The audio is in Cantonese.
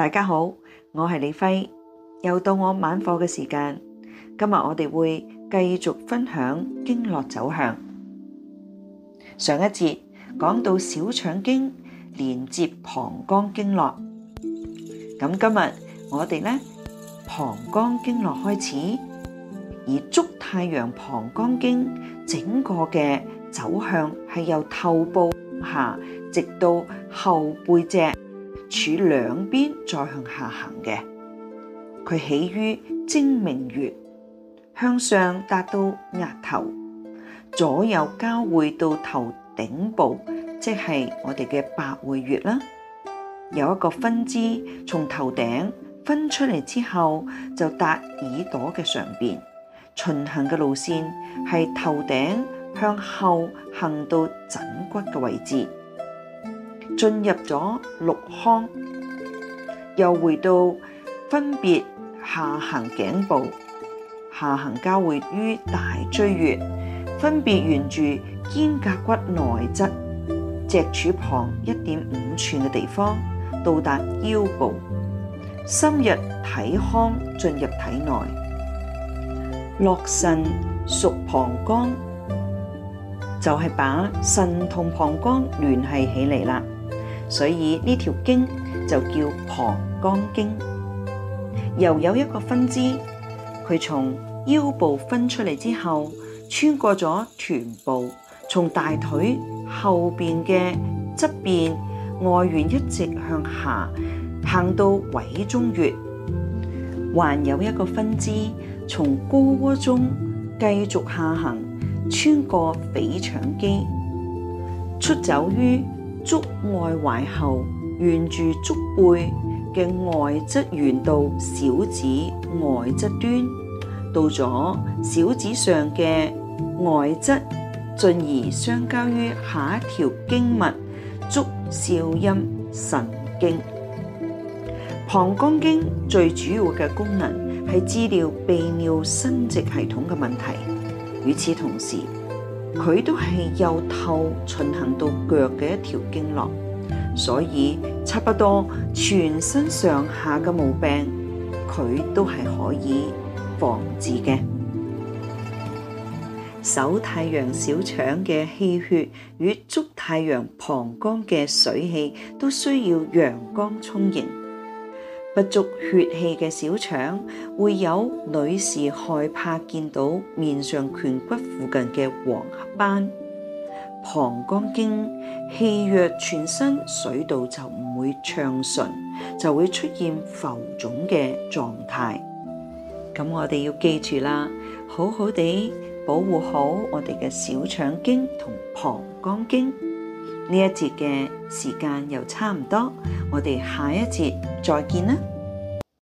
大家好，我係李輝，又到我晚課嘅時間。今日我哋會繼續分享經絡走向。上一節講到小腸經連接膀胱經絡，咁今日我哋呢膀胱經絡開始。而足太陽膀胱經整個嘅走向係由頭部下直到後背脊。柱兩邊再向下行嘅，佢起於睛明穴，向上達到額頭，左右交匯到頭頂部，即係我哋嘅百會穴啦。有一個分支從頭頂分出嚟之後，就達耳朵嘅上邊。循行嘅路線係頭頂向後行到枕骨嘅位置。進入咗六腔，又回到分別下行頸部，下行交匯於大椎穴，分別沿住肩胛骨內側脊柱旁一點五寸嘅地方，到達腰部，深入體腔，進入體內，落腎屬膀胱，就係把腎同膀胱聯繫起嚟啦。所以呢條經就叫膀胱經，又有一個分支，佢從腰部分出嚟之後，穿過咗臀部，從大腿後邊嘅側邊外緣一直向下行到委中穴。還有一個分支，從高窩中繼續下行，穿過腓腸肌，出走於，足外踝後沿住足背嘅外側緣到小指外側端，到咗小指上嘅外側，進而相交於下一條經脈足少陰腎經。膀胱經最主要嘅功能係治療泌尿生殖系統嘅問題，與此同時。佢都係由頭循行到腳嘅一條經絡，所以差不多全身上下嘅毛病，佢都係可以防治嘅。手太陽小腸嘅氣血與足太陽膀胱嘅水氣都需要陽光充盈。不足血氣嘅小腸，會有女士害怕見到面上顴骨附近嘅黃褐斑。膀胱經氣弱，全身水道就唔會暢順，就會出現浮腫嘅狀態。咁我哋要記住啦，好好地保護好我哋嘅小腸經同膀胱經。呢一節嘅時間又差唔多，我哋下一節再見啦。